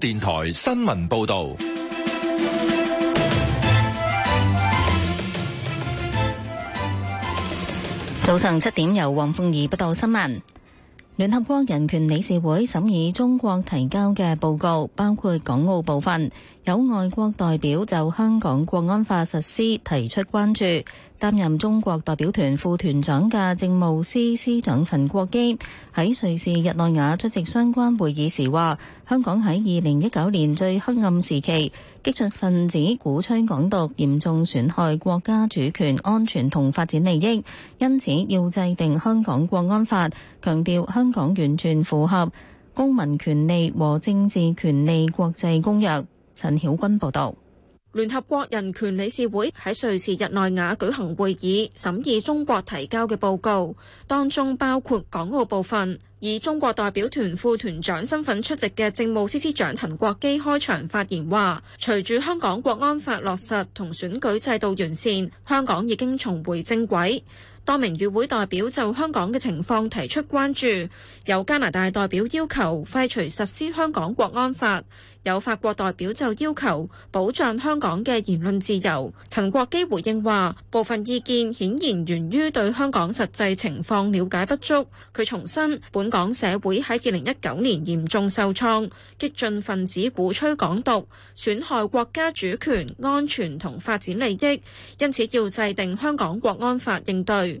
電台新聞報道：早上七點，由黃鳳儀報道新聞。聯合國人權理事會審議中國提交嘅報告，包括港澳部分。有外國代表就香港國安法實施提出關注。擔任中國代表團副團長嘅政務司司長陳國基喺瑞士日內瓦出席相關會議時話。香港喺二零一九年最黑暗時期，激進分子鼓吹港獨，嚴重損害國家主權、安全同發展利益。因此，要制定香港國安法，強調香港完全符合公民權利和政治權利國際公約。陳曉君報導。聯合國人權理事會喺瑞士日內瓦舉行會議，審議中國提交嘅報告，當中包括港澳部分。以中國代表團副團長身份出席嘅政務司司長陳國基開場發言話，隨住香港國安法落實同選舉制度完善，香港已經重回正軌，多名與會代表就香港嘅情況提出關注，有加拿大代表要求廢除實施香港國安法。有法國代表就要求保障香港嘅言論自由。陳國基回應話：部分意見顯然源於對香港實際情況了解不足。佢重申，本港社會喺二零一九年嚴重受創，激進分子鼓吹港獨，損害國家主權、安全同發展利益，因此要制定香港國安法應對。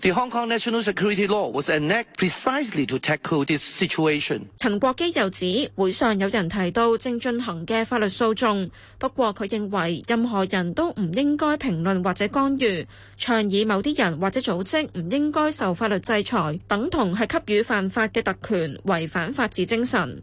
The Hong Kong National Security Law was enacted precisely to tackle this situation。陳國基又指，會上有人提到正進行嘅法律訴訟，不過佢認為任何人都唔應該評論或者干預，倡議某啲人或者組織唔應該受法律制裁，等同係給予犯法嘅特權，違反法治精神。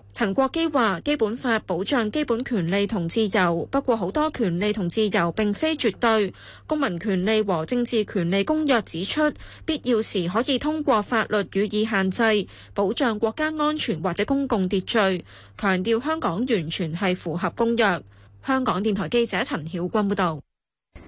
陳國基話：基本法保障基本權利同自由，不過好多權利同自由並非絕對。《公民權利和政治權利公約》指出，必要時可以通過法律予以限制，保障國家安全或者公共秩序。強調香港完全係符合公約。香港電台記者陳曉君報導。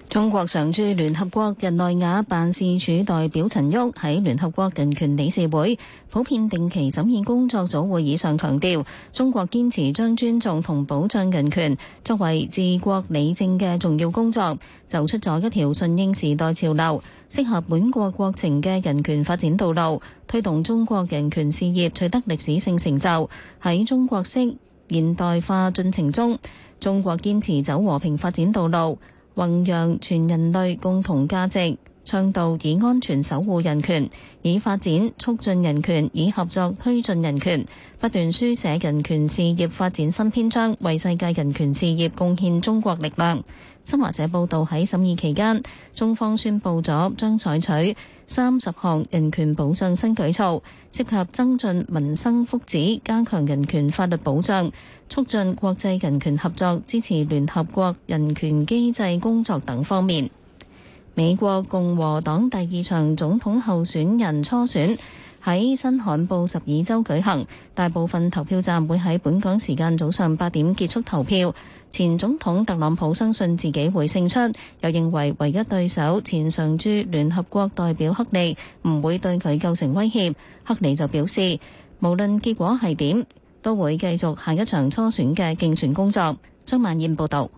中國常駐聯合國日內瓦辦事處代表陳旭喺聯合國人權理事會普遍定期審議工作組會議上強調，中國堅持將尊重同保障人權作為治國理政嘅重要工作，走出咗一條順應時代潮流、適合本國國情嘅人權發展道路，推動中國人權事業取得歷史性成就。喺中國式現代化進程中，中國堅持走和平發展道路。弘揚全人類共同價值，倡導以安全守護人權，以發展促進人權，以合作推進人權，不斷書寫人權事業發展新篇章，為世界人權事業貢獻中國力量。新華社報道喺審議期間，中方宣布咗將採取。三十項人權保障新舉措，涉及增進民生福祉、加強人權法律保障、促進國際人權合作、支持聯合國人權機制工作等方面。美國共和黨第二場總統候選人初選喺新罕布什爾州舉行，大部分投票站會喺本港時間早上八點結束投票。前總統特朗普相信自己會勝出，又認為唯一對手前常駐聯合國代表克里唔會對佢構成威脅。克里就表示，無論結果係點，都會繼續下一場初選嘅競選工作。張萬燕報道。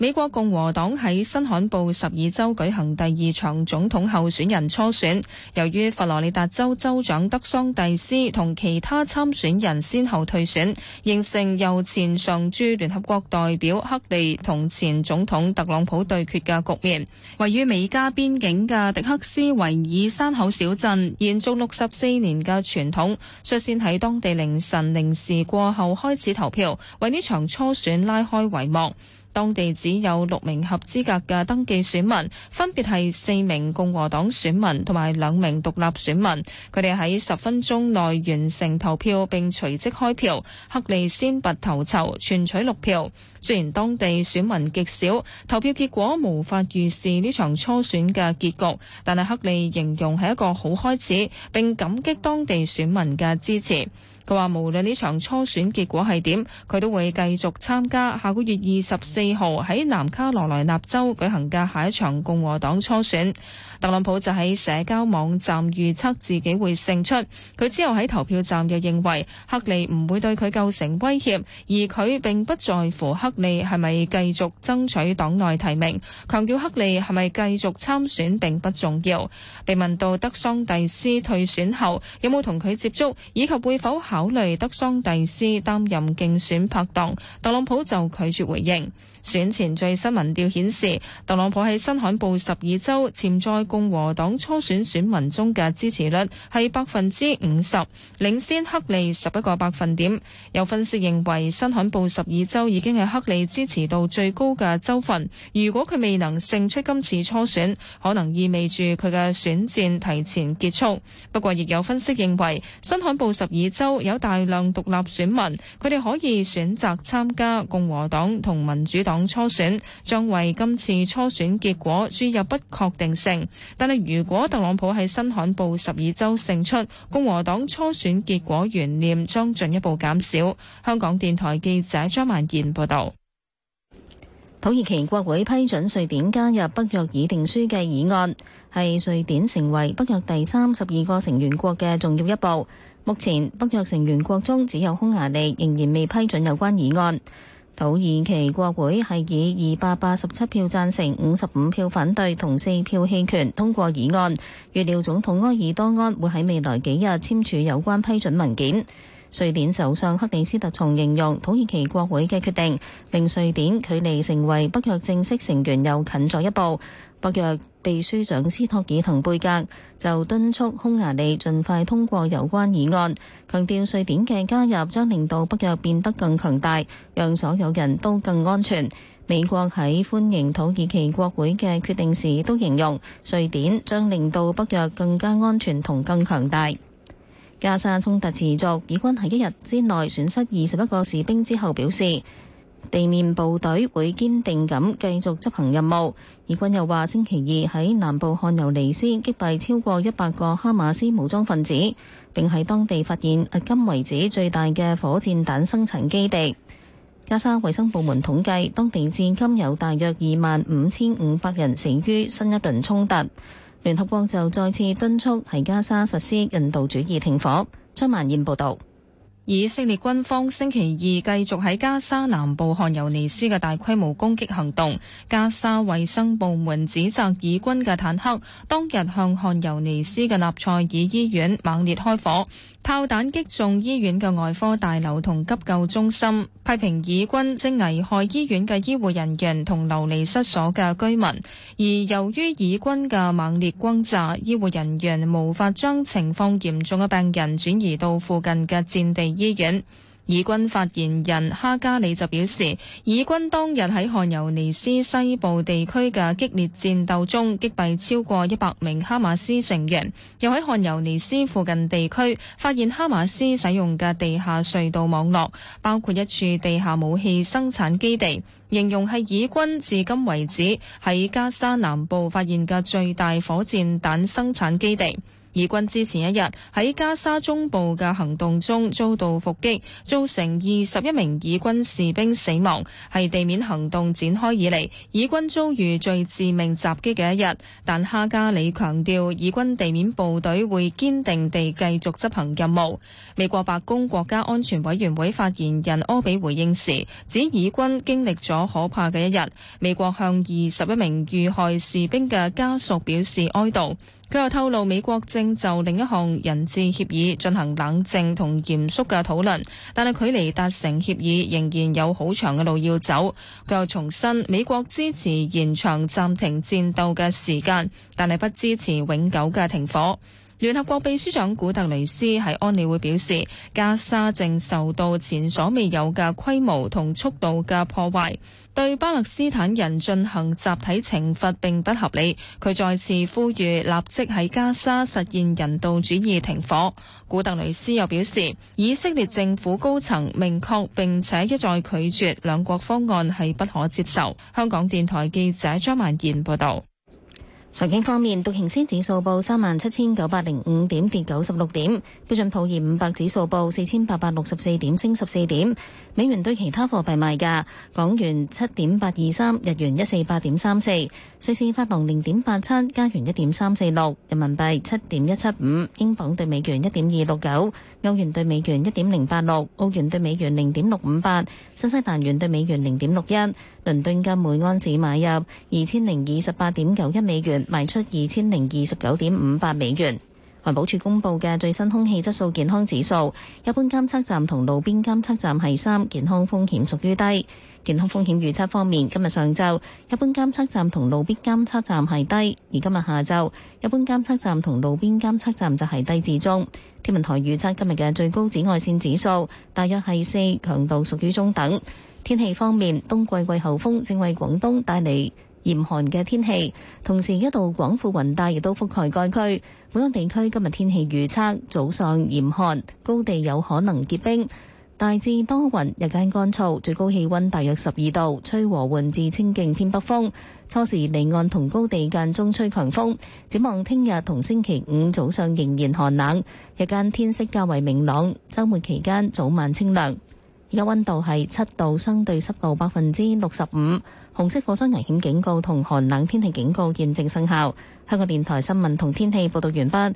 美國共和黨喺新罕布什爾州舉行第二場總統候選人初選。由於佛羅里達州州長德桑蒂斯同其他參選人先後退選，形成由前常駐聯合國代表克利同前總統特朗普對決嘅局面。位於美加邊境嘅迪克斯維爾山口小鎮，延續六十四年嘅傳統，率先喺當地凌晨零時過後開始投票，為呢場初選拉開帷幕。當地只有六名合資格嘅登記選民，分別係四名共和黨選民同埋兩名獨立選民。佢哋喺十分鐘內完成投票並隨即開票。克利先拔頭籌，全取六票。雖然當地選民極少，投票結果無法預示呢場初選嘅結局，但係克利形容係一個好開始，並感激當地選民嘅支持。佢話無論呢場初選結果係點，佢都會繼續參加下個月二十四號喺南卡羅來納州舉行嘅下一場共和黨初選，特朗普就喺社交網站預測自己會勝出。佢之後喺投票站又認為克利唔會對佢構成威脅，而佢並不在乎克利係咪繼續爭取黨內提名。強調克利係咪繼續參選並不重要。被問到德桑蒂斯退選後有冇同佢接觸以及會否考慮德桑蒂斯擔任競選拍檔，特朗普就拒絕回應。選前最新民調顯示，特朗普喺新罕布什爾州潛在共和黨初選選民中嘅支持率係百分之五十，領先克利十一個百分點。有分析認為，新罕布什爾州已經係克利支持度最高嘅州份。如果佢未能勝出今次初選，可能意味住佢嘅選戰提前結束。不過，亦有分析認為，新罕布什爾州有大量獨立選民，佢哋可以選擇參加共和黨同民主黨。初選將為今次初選結果注入不確定性，但係如果特朗普喺新罕布什爾州勝出，共和黨初選結果懸念將進一步減少。香港電台記者張曼燕報道。土耳其國會批准瑞典加入北約議定書嘅議案，係瑞典成為北約第三十二個成員國嘅重要一步。目前北約成員國中只有匈牙利仍然未批准有關議案。土耳其國會係以二百八十七票贊成、五十五票反對同四票棄權通過議案，預料總統埃爾多安會喺未來幾日簽署有關批准文件。瑞典首相克里斯特鬆形容土耳其國會嘅決定，令瑞典距離成為北約正式成員又近咗一步。北約秘書長斯托爾滕貝格就敦促匈牙利盡快通過有關議案，強調瑞典嘅加入將令到北約變得更強大，讓所有人都更安全。美國喺歡迎土耳其國會嘅決定時，都形容瑞典將令到北約更加安全同更強大。加沙衝突持續，以軍喺一日之內損失二十一個士兵之後表示，地面部隊會堅定咁繼續執行任務。以軍又話：星期二喺南部漢尤尼斯擊斃超過一百個哈馬斯武裝分子，並喺當地發現迄今為止最大嘅火箭彈生產基地。加沙衛生部門統計，當地至今有大約二萬五千五百人死於新一輪衝突。聯合國就再次敦促喺加沙實施人道主義停火。張曼燕報導。以色列軍方星期二繼續喺加沙南部漢尤尼斯嘅大規模攻擊行動。加沙衛生部門指責以軍嘅坦克當日向漢尤尼斯嘅納賽爾醫院猛烈開火，炮彈擊中醫院嘅外科大樓同急救中心，批評以軍正危害醫院嘅醫護人員同流離失所嘅居民。而由於以軍嘅猛烈轟炸，醫護人員無法將情況嚴重嘅病人轉移到附近嘅戰地醫院，以軍發言人哈加里就表示，以軍當日喺汗尤尼斯西部地區嘅激烈戰鬥中擊斃超過一百名哈馬斯成員，又喺汗尤尼斯附近地區發現哈馬斯使用嘅地下隧道網絡，包括一處地下武器生產基地，形容係以軍至今為止喺加沙南部發現嘅最大火箭彈生產基地。以軍之前一日喺加沙中部嘅行動中遭到伏擊，造成二十一名以軍士兵死亡，係地面行動展開以嚟以軍遭遇最致命襲擊嘅一日。但哈加里強調，以軍地面部隊會堅定地繼續執行任務。美國白宮國家安全委員會發言人柯比回應時指，以軍經歷咗可怕嘅一日。美國向二十一名遇害士兵嘅家屬表示哀悼。佢又透露，美國正就另一項人質協議進行冷靜同嚴肅嘅討論，但係距離達成協議仍然有好長嘅路要走。佢又重申，美國支持延長暫停戰鬥嘅時間，但係不支持永久嘅停火。聯合國秘書長古特雷斯喺安理會表示，加沙正受到前所未有嘅規模同速度嘅破壞，對巴勒斯坦人進行集體懲罰並不合理。佢再次呼籲立即喺加沙實現人道主義停火。古特雷斯又表示，以色列政府高層明確並且一再拒絕兩國方案係不可接受。香港電台記者張曼燕報道。財經方面，道瓊斯指數報三萬七千九百零五點，跌九十六點；標準普爾五百指數報四千八百六十四點，升十四點。美元對其他貨幣賣價：港元七點八二三，日元一四八點三四，瑞士法郎零點八七，加元一點三四六，人民幣七點一七五，英鎊對美元一點二六九。歐元對美元一點零八六，澳元對美元零點六五八，新西蘭元對美元零點六一，倫敦金每安士買入二千零二十八點九一美元，賣出二千零二十九點五八美元。環保署公布嘅最新空氣質素健康指數，一般監測站同路邊監測站係三，健康風險屬於低。健康風險預測方面，今日上晝一般監測站同路邊監測站係低，而今日下晝一般監測站同路邊監測站就係低至中。天文台預測今日嘅最高紫外線指數大約係四，強度屬於中等。天氣方面，冬季季候風正為廣東帶嚟。嚴寒嘅天氣，同時一道廣闊雲帶亦都覆蓋該區。本港地區今日天氣預測：早上嚴寒，高地有可能結冰，大致多雲，日間乾燥，最高氣溫大約十二度，吹和緩至清勁偏北風。初時離岸同高地間中吹強風。展望聽日同星期五早上仍然寒冷，日間天色較為明朗。週末期間早晚清涼。而家溫度係七度，相對濕度百分之六十五。紅色火災危險警告同寒冷天氣警告現正生效。香港電台新聞同天氣報道完畢。